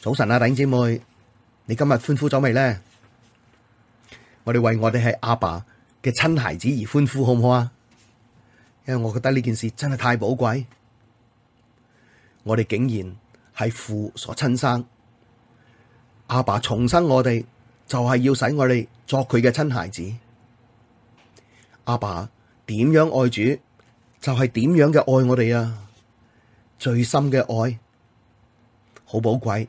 早晨啊，弟兄姊妹，你今日歡呼咗未呢？我哋為我哋係阿爸嘅親孩子而歡呼，好唔好啊？因為我覺得呢件事真係太寶貴，我哋竟然係父所親生，阿爸重生我哋，就係要使我哋作佢嘅親孩子。阿爸點樣愛主，就係點樣嘅愛我哋啊！最深嘅愛，好寶貴。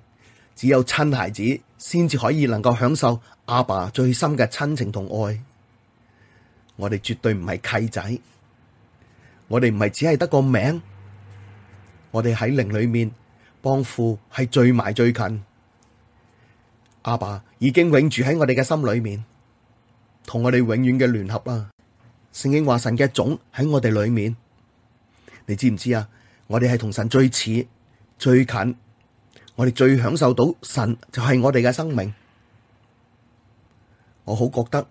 只有親孩子先至可以能夠享受阿爸最深嘅親情同愛。我哋絕對唔係契仔，我哋唔係只係得個名。我哋喺靈裏面幫父係聚埋最近。阿爸已經永住喺我哋嘅心裏面，同我哋永遠嘅聯合啦。聖經話神嘅種喺我哋裏面，你知唔知啊？我哋係同神最似、最近。我哋最享受到神就係我哋嘅生命，我好覺得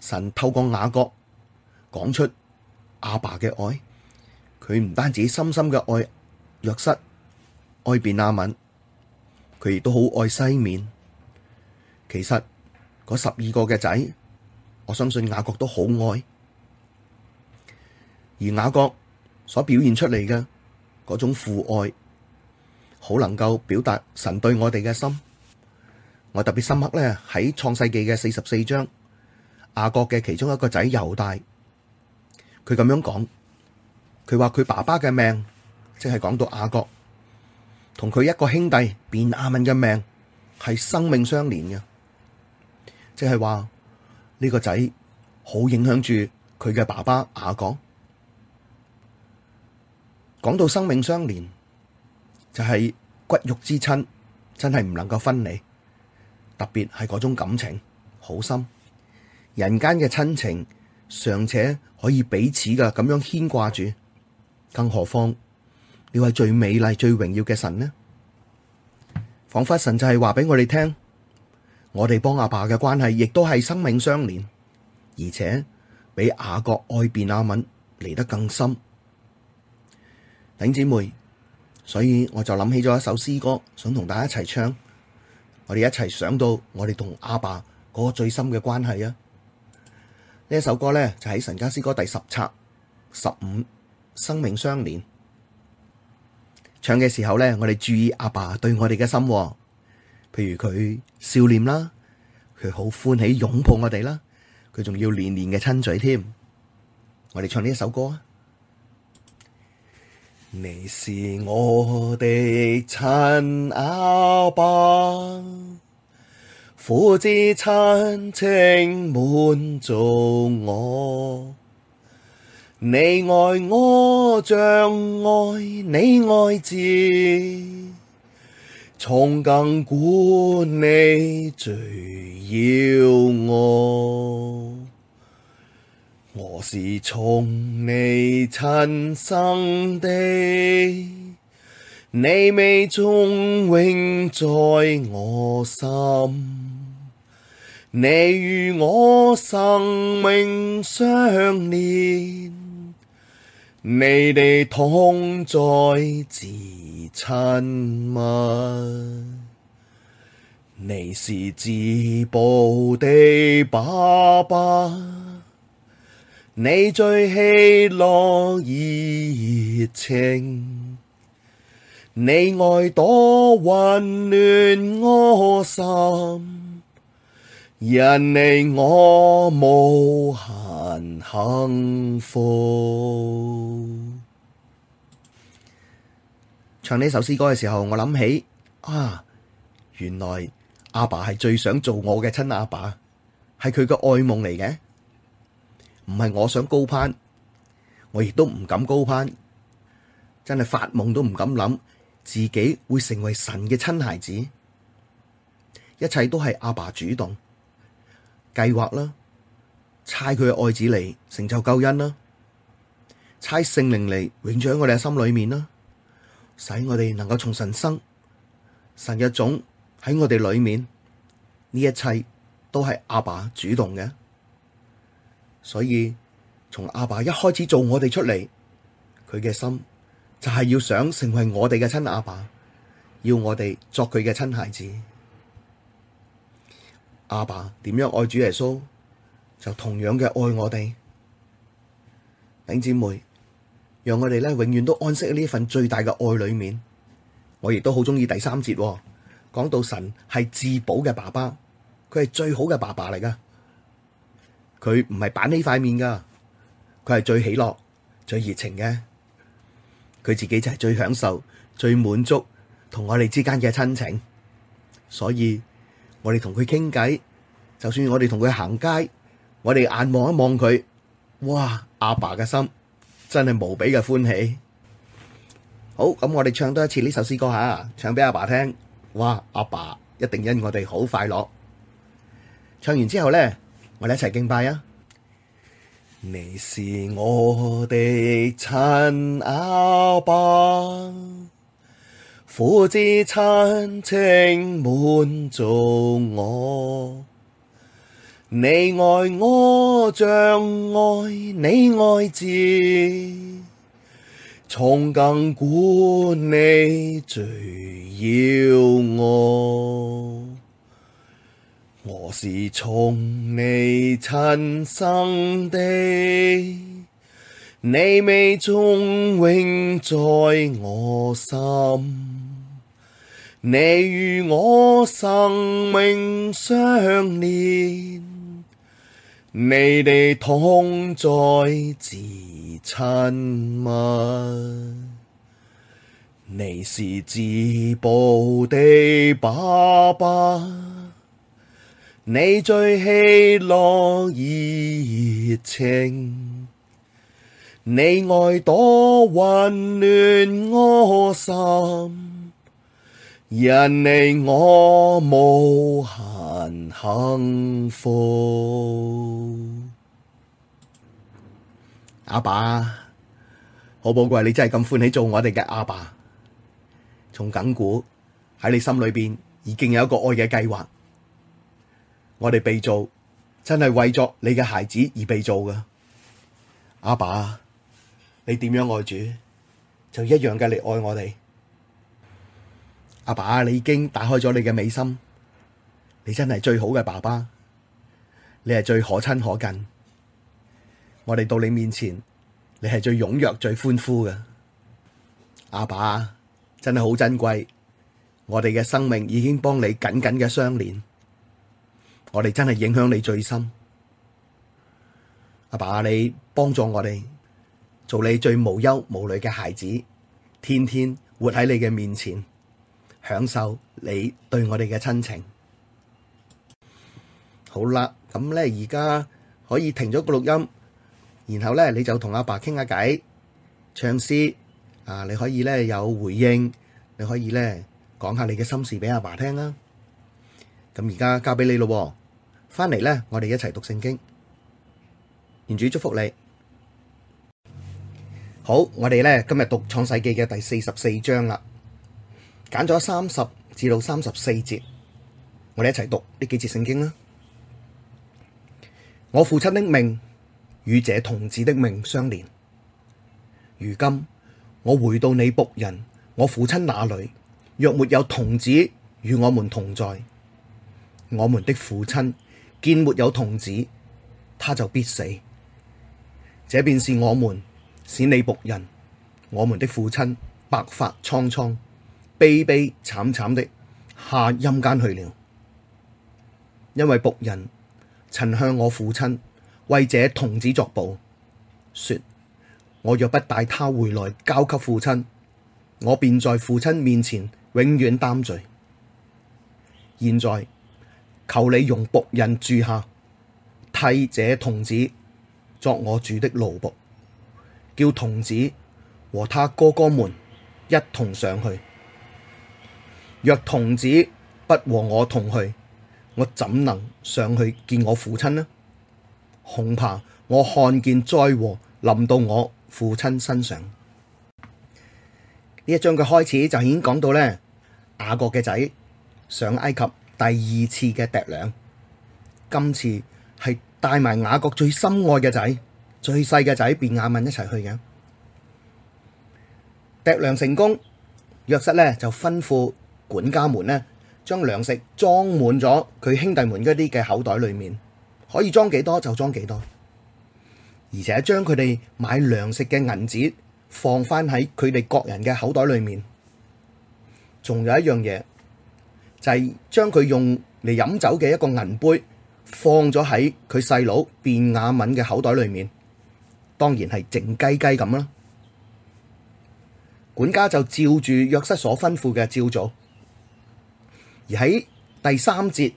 神透過雅各講出阿爸嘅愛，佢唔單止深深嘅愛若瑟，愛便阿敏，佢亦都好愛西面。其實嗰十二個嘅仔，我相信雅各都好愛，而雅各所表現出嚟嘅嗰種父愛。好能夠表達神對我哋嘅心，我特別深刻呢喺創世記嘅四十四章，雅各嘅其中一個仔猶大，佢咁樣講，佢話佢爸爸嘅命，即係講到雅各，同佢一個兄弟便雅憫嘅命係生命相連嘅，即係話呢個仔好影響住佢嘅爸爸雅各。講到生命相連。就係骨肉之親，真係唔能夠分離，特別係嗰種感情好深。人間嘅親情尚且可以彼此噶咁樣牽掛住，更何況你係最美麗、最榮耀嘅神呢？仿佛神就係話俾我哋聽，我哋幫阿爸嘅關係亦都係生命相連，而且比雅各愛便雅憫嚟得更深。頂姐妹。所以我就諗起咗一首詩歌，想同大家一齊唱。我哋一齊想到我哋同阿爸嗰個最深嘅關係啊！呢一首歌咧就喺、是、神家詩歌第十冊十五生命相連。唱嘅時候咧，我哋注意阿爸，爸對我哋嘅心。譬如佢笑臉啦，佢好歡喜擁抱我哋啦，佢仲要年年嘅親嘴添。我哋唱呢一首歌啊！你是我的親阿爸，父子親情滿足我，你愛我像愛你愛子，從亙古你最要我。我是從你親生的，你美種永在我心，你與我生命相連，你的同在至親密，你是至寶的爸爸。你最喜樂熱情，你愛多溫暖我心，因你我無限幸福。唱呢首詩歌嘅時候，我諗起啊，原來阿爸係最想做我嘅親阿爸，係佢嘅愛夢嚟嘅。唔係我想高攀，我亦都唔敢高攀，真係發夢都唔敢諗，自己會成為神嘅親孩子，一切都係阿爸，爸主動計劃啦，差佢嘅愛子嚟成就救恩啦，差聖靈嚟永住喺我哋嘅心裏面啦，使我哋能夠從神生，神嘅種喺我哋裏面，呢一切都係阿爸，爸主動嘅。所以從阿爸一開始做我哋出嚟，佢嘅心就係要想成為我哋嘅親阿爸，要我哋作佢嘅親孩子。阿爸點樣愛主耶穌，就同樣嘅愛我哋。弟兄姊妹，讓我哋咧永遠都安息喺呢一份最大嘅愛裏面。我亦都好鍾意第三節，講到神係至寶嘅爸爸，佢係最好嘅爸爸嚟㗎。佢唔係板起塊面噶，佢係最喜樂、最熱情嘅。佢自己就係最享受、最滿足同我哋之間嘅親情。所以我哋同佢傾偈，就算我哋同佢行街，我哋眼望一望佢，哇！阿爸嘅心真係無比嘅歡喜。好，咁我哋唱多一次呢首詩歌吓，唱俾阿爸聽。哇！阿爸一定因我哋好快樂。唱完之後咧。我哋一齊敬拜啊！你是我的親阿爸，父子親情滿足我，你愛我像愛你愛子，從亙古你最要我。我是從你親生的，你美種永在我心，你與我生命相連，你哋同在至親密，你是至寶的爸爸。你最喜樂熱情，你愛多溫暖我心，因你我無限幸福。阿爸，好寶貴，你真係咁歡喜做我哋嘅阿爸，從亙古喺你心裏邊已經有一個愛嘅計劃。我哋被造真係為咗你嘅孩子而被造嘅，阿爸，爸，你點樣愛主，就一樣嘅嚟愛我哋。阿爸，爸，你已經打開咗你嘅美心，你真係最好嘅爸爸，你係最可親可近。我哋到你面前，你係最踊躍最歡呼嘅。阿爸，爸，真係好珍貴，我哋嘅生命已經幫你緊緊嘅相連。我哋真係影響你最深，阿爸，你幫助我哋做你最無憂無慮嘅孩子，天天活喺你嘅面前，享受你對我哋嘅親情。好啦，咁呢，而家可以停咗個錄音，然後呢，你就同阿爸傾下偈，唱詩啊，你可以呢，有回應，你可以呢，講下你嘅心事俾阿爸聽啦。咁而家交俾你咯。翻嚟呢，我哋一齊讀聖經。願主祝福你。好，我哋呢，今日讀創世記嘅第四十四章啦，揀咗三十至到三十四節，我哋一齊讀呢幾節聖經啦。我父親的命與這童子的命相連。如今我回到你僕人我父親那裡，若沒有童子與我們同在，我們的父親。見沒有童子，他就必死。這便是我們使你僕人，我們的父親白髮蒼蒼、悲悲慘慘的下陰間去了。因為僕人曾向我父親為這童子作保，說我若不帶他回來交給父親，我便在父親面前永遠擔罪。現在。求你容僕人住下，替這童子作我主的奴僕，叫童子和他哥哥們一同上去。若童子不和我同去，我怎能上去見我父親呢？恐怕我看見災禍臨到我父親身上。呢一章嘅開始就已經講到呢，雅各嘅仔上埃及。第二次嘅糴糧，今次係帶埋雅各最心愛嘅仔、最細嘅仔便雅憫一齊去嘅。糴糧成功，約瑟呢就吩咐管家們呢將糧食裝滿咗佢兄弟們嗰啲嘅口袋裏面，可以裝幾多就裝幾多，而且將佢哋買糧食嘅銀紙放翻喺佢哋各人嘅口袋裏面。仲有一樣嘢。就係將佢用嚟飲酒嘅一個銀杯放咗喺佢細佬便雅憫嘅口袋裏面，當然係靜雞雞咁啦。管家就照住約瑟所吩咐嘅照做，而喺第三節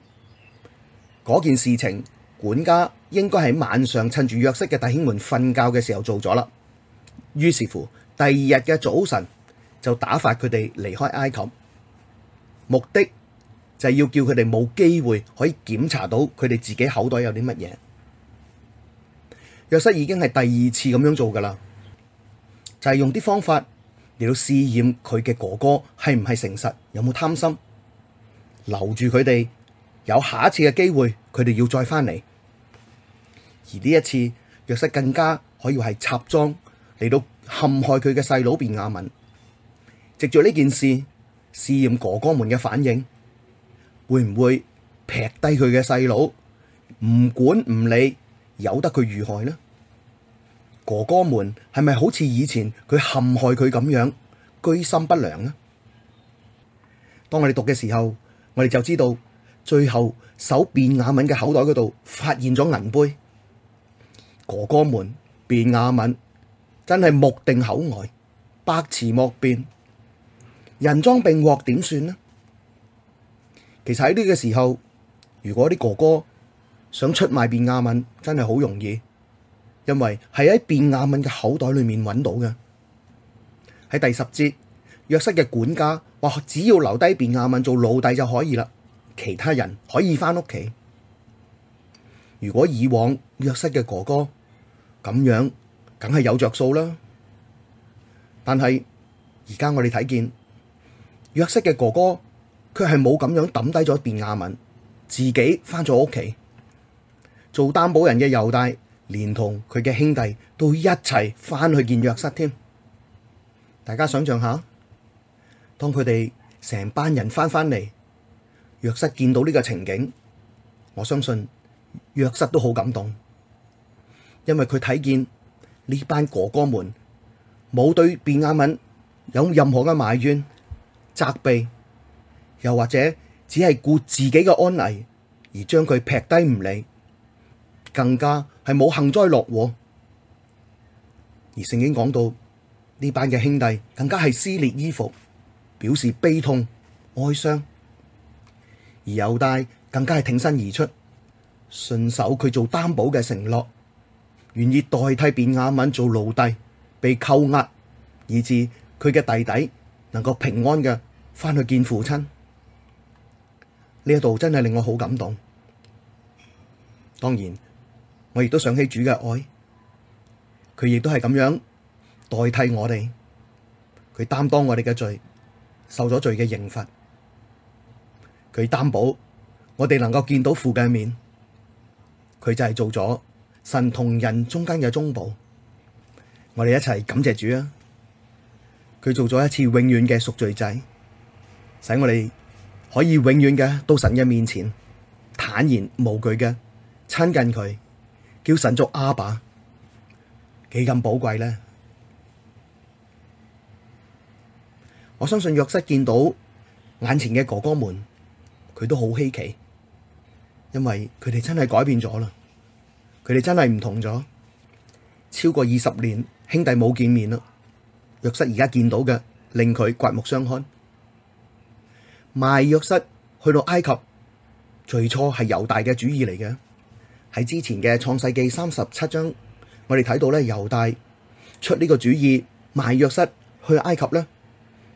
嗰件事情，管家應該係晚上趁住約瑟嘅弟兄們瞓覺嘅時候做咗啦。於是乎，第二日嘅早晨就打發佢哋離開埃及，目的。就係要叫佢哋冇機會可以檢查到佢哋自己口袋有啲乜嘢。約瑟已經係第二次咁樣做噶啦，就係用啲方法嚟到試驗佢嘅哥哥係唔係誠實，有冇貪心，留住佢哋有下一次嘅機會，佢哋要再翻嚟。而呢一次，約瑟更加可以係插贓嚟到陷害佢嘅細佬便雅憫。藉住呢件事，試驗哥哥們嘅反應。會唔會劈低佢嘅細佬，唔管唔理，由得佢遇害呢？哥哥們係咪好似以前佢陷害佢咁樣居心不良呢？當我哋讀嘅時候，我哋就知道最後搜便雅憫嘅口袋嗰度發現咗銀杯。哥哥們，便雅憫，真係目定口呆，百詞莫辯。人贓並獲點算呢？其實喺呢個時候，如果啲哥哥想出賣便雅憫，真係好容易，因為係喺便雅憫嘅口袋裏面揾到嘅。喺第十節，約瑟嘅管家話，只要留低便雅憫做奴隸就可以啦，其他人可以翻屋企。如果以往約瑟嘅哥哥咁樣，梗係有着數啦。但係而家我哋睇見約瑟嘅哥哥。佢係冇咁樣抌低咗便雅敏，自己翻咗屋企做擔保人嘅猶大，連同佢嘅兄弟都一齊翻去見約瑟添。大家想象下，當佢哋成班人翻返嚟，約瑟見到呢個情景，我相信約瑟都好感動，因為佢睇見呢班哥哥們冇對便雅敏有任何嘅埋怨責備。又或者只係顧自己嘅安危而將佢撇低唔理，更加係冇幸災樂禍。而聖經講到呢班嘅兄弟更加係撕裂衣服，表示悲痛哀傷；而猶大更加係挺身而出，信守佢做擔保嘅承諾，願意代替便雅憫做奴隸，被扣押，以致佢嘅弟弟能夠平安嘅返去見父親。呢一度真係令我好感動。當然，我亦都想起主嘅愛，佢亦都係咁樣代替我哋，佢擔當我哋嘅罪，受咗罪嘅刑罰，佢擔保我哋能夠見到父嘅面，佢就係做咗神同人中間嘅中保。我哋一齊感謝主啊！佢做咗一次永遠嘅贖罪祭，使我哋，可以永遠嘅到神嘅面前，坦然無懼嘅親近佢，叫神作阿爸，幾咁寶貴呢？我相信若瑟見到眼前嘅哥哥們，佢都好稀奇，因為佢哋真係改變咗啦，佢哋真係唔同咗，超過二十年兄弟冇見面啦，若瑟而家見到嘅令佢刮目相看。賣約瑟去到埃及，最初係猶大嘅主意嚟嘅。喺之前嘅創世紀三十七章，我哋睇到咧，猶大出呢個主意賣約瑟去埃及咧，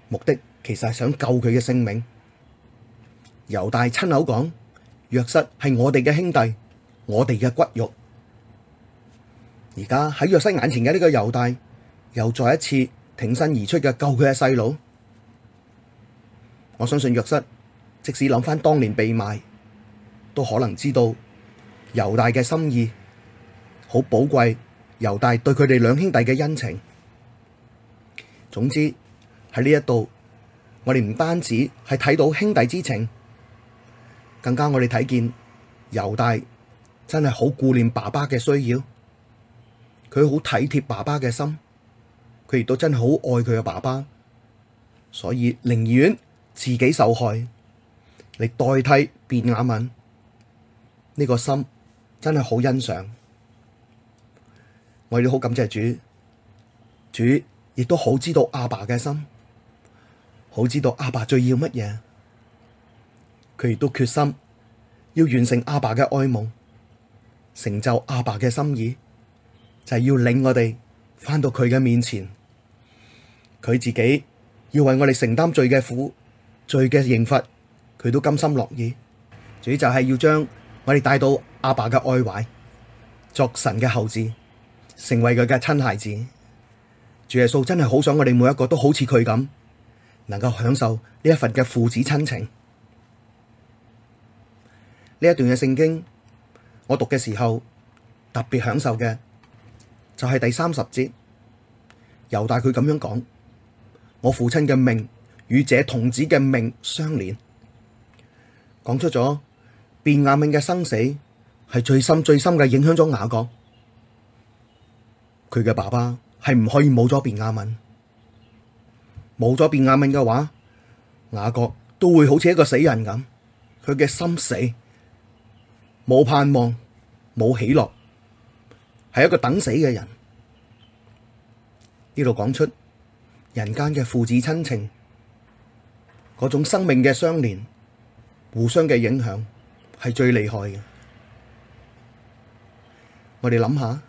目的其實係想救佢嘅性命。猶大親口講，約瑟係我哋嘅兄弟，我哋嘅骨肉。而家喺約瑟眼前嘅呢個猶大，又再一次挺身而出嘅救佢嘅細佬。我相信約瑟，即使諗返當年被賣，都可能知道猶大嘅心意，好寶貴。猶大對佢哋兩兄弟嘅恩情，總之喺呢一度，我哋唔單止係睇到兄弟之情，更加我哋睇見猶大真係好顧念爸爸嘅需要，佢好體貼爸爸嘅心，佢亦都真係好愛佢嘅爸爸，所以寧願自己受害嚟代替便雅憫呢，這個心，真係好欣賞。我哋都好感謝主，主亦都好知道阿爸嘅心，好知道阿爸最要乜嘢，佢亦都決心要完成阿爸嘅愛夢，成就阿爸嘅心意，就係、是、要領我哋返到佢嘅面前，佢自己要為我哋承擔罪嘅苦。罪嘅刑罰，佢都甘心樂意。主就係要將我哋帶到阿爸嘅愛懷，作神嘅後子，成為佢嘅親孩子。主耶穌真係好想我哋每一個都好似佢咁，能夠享受呢一份嘅父子親情。呢一段嘅聖經，我讀嘅時候特別享受嘅，就係第三十節，猶大佢咁樣講，我父親嘅命。與這童子嘅命相連，講出咗便雅憫嘅生死係最深、最深嘅影響咗雅各。佢嘅爸爸係唔可以冇咗便雅憫，冇咗便雅憫嘅話，雅各都會好似一個死人咁，佢嘅心死，冇盼望，冇喜樂，係一個等死嘅人。呢度講出人間嘅父子親情。嗰種生命嘅相連，互相嘅影響係最厲害嘅。我哋諗下，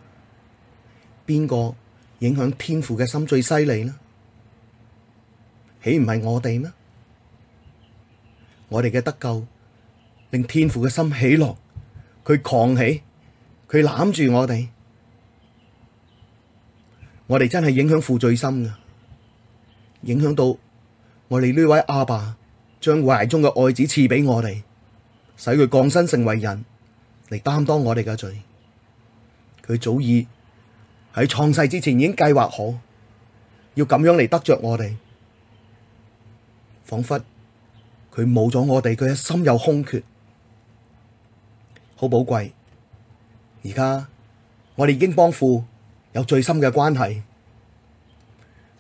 邊個影響天父嘅心最犀利呢？豈唔係我哋咩？我哋嘅得救令天父嘅心起落，佢狂起，佢攬住我哋，我哋真係影響負罪心嘅，影響到。我哋呢位阿爸將懷中嘅愛子賜俾我哋，使佢降生成為人，嚟擔當我哋嘅罪。佢早已喺創世之前已經計劃好，要咁樣嚟得着我哋。仿佛佢冇咗我哋，佢一心有空缺，好寶貴。而家我哋已經幫父有最深嘅關係，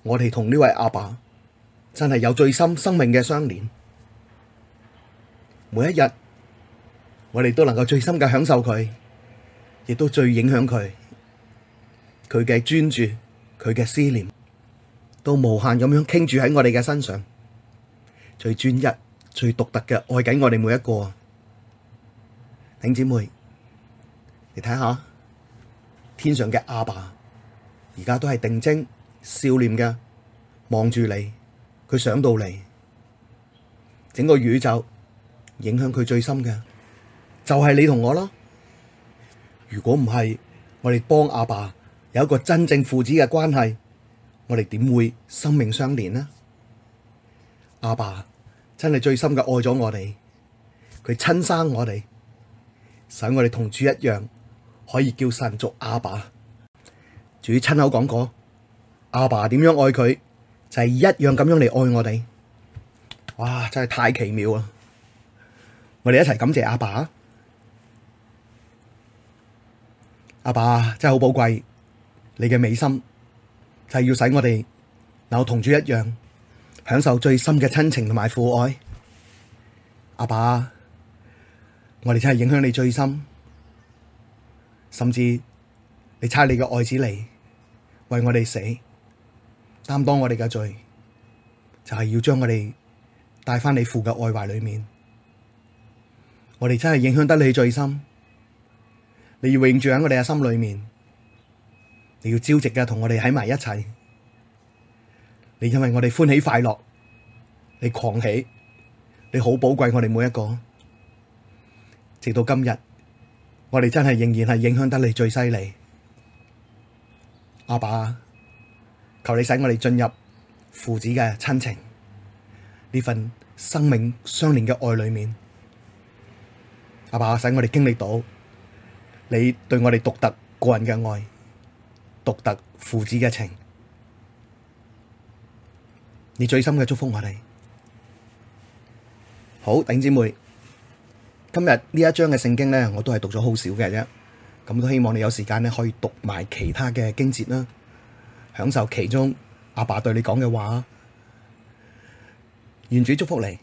我哋同呢位阿爸。真係有最深生命嘅相連，每一日我哋都能夠最深嘅享受佢，亦都最影響佢，佢嘅專注，佢嘅思念，都無限咁樣傾注喺我哋嘅身上，最專一、最獨特嘅愛緊我哋每一個，弟兄姊妹，你睇下，天上嘅阿爸而家都係定睛、笑臉嘅望住你。佢上到嚟，整個宇宙影響佢最深嘅就係、是、你同我咯。如果唔係，我哋幫阿爸有一個真正父子嘅關係，我哋點會生命相連呢？阿爸真係最深嘅愛咗我哋，佢親生我哋，使我哋同主一樣可以叫神做阿爸。主親口講過，阿爸點樣愛佢？第一樣咁樣嚟愛我哋，哇！真係太奇妙啊！我哋一齊感謝阿爸，爸，阿爸，爸真係好寶貴。你嘅美心就係要使我哋嗱同主一樣，享受最深嘅親情同埋父愛。阿爸，爸，我哋真係影響你最深，甚至你差你嘅愛子嚟為我哋死。擔當我哋嘅罪，就係要將我哋帶翻你父嘅愛懷裡面。我哋真係影響得你最深，你要永住喺我哋嘅心裡面，你要朝夕嘅同我哋喺埋一齊。你因為我哋歡喜快樂，你狂喜，你好寶貴我哋每一個。直到今日，我哋真係仍然係影響得你最犀利，阿爸，爸。求你使我哋進入父子嘅親情呢份生命相連嘅愛裏面，阿爸使我哋經歷到你對我哋獨特個人嘅愛、獨特父子嘅情，你最深嘅祝福我哋。好，弟兄姊妹，今日呢一章嘅聖經咧，我都係讀咗好少嘅啫，咁都希望你有時間咧可以讀埋其他嘅經節啦。享受其中，阿爸對你講嘅話，願主祝福你。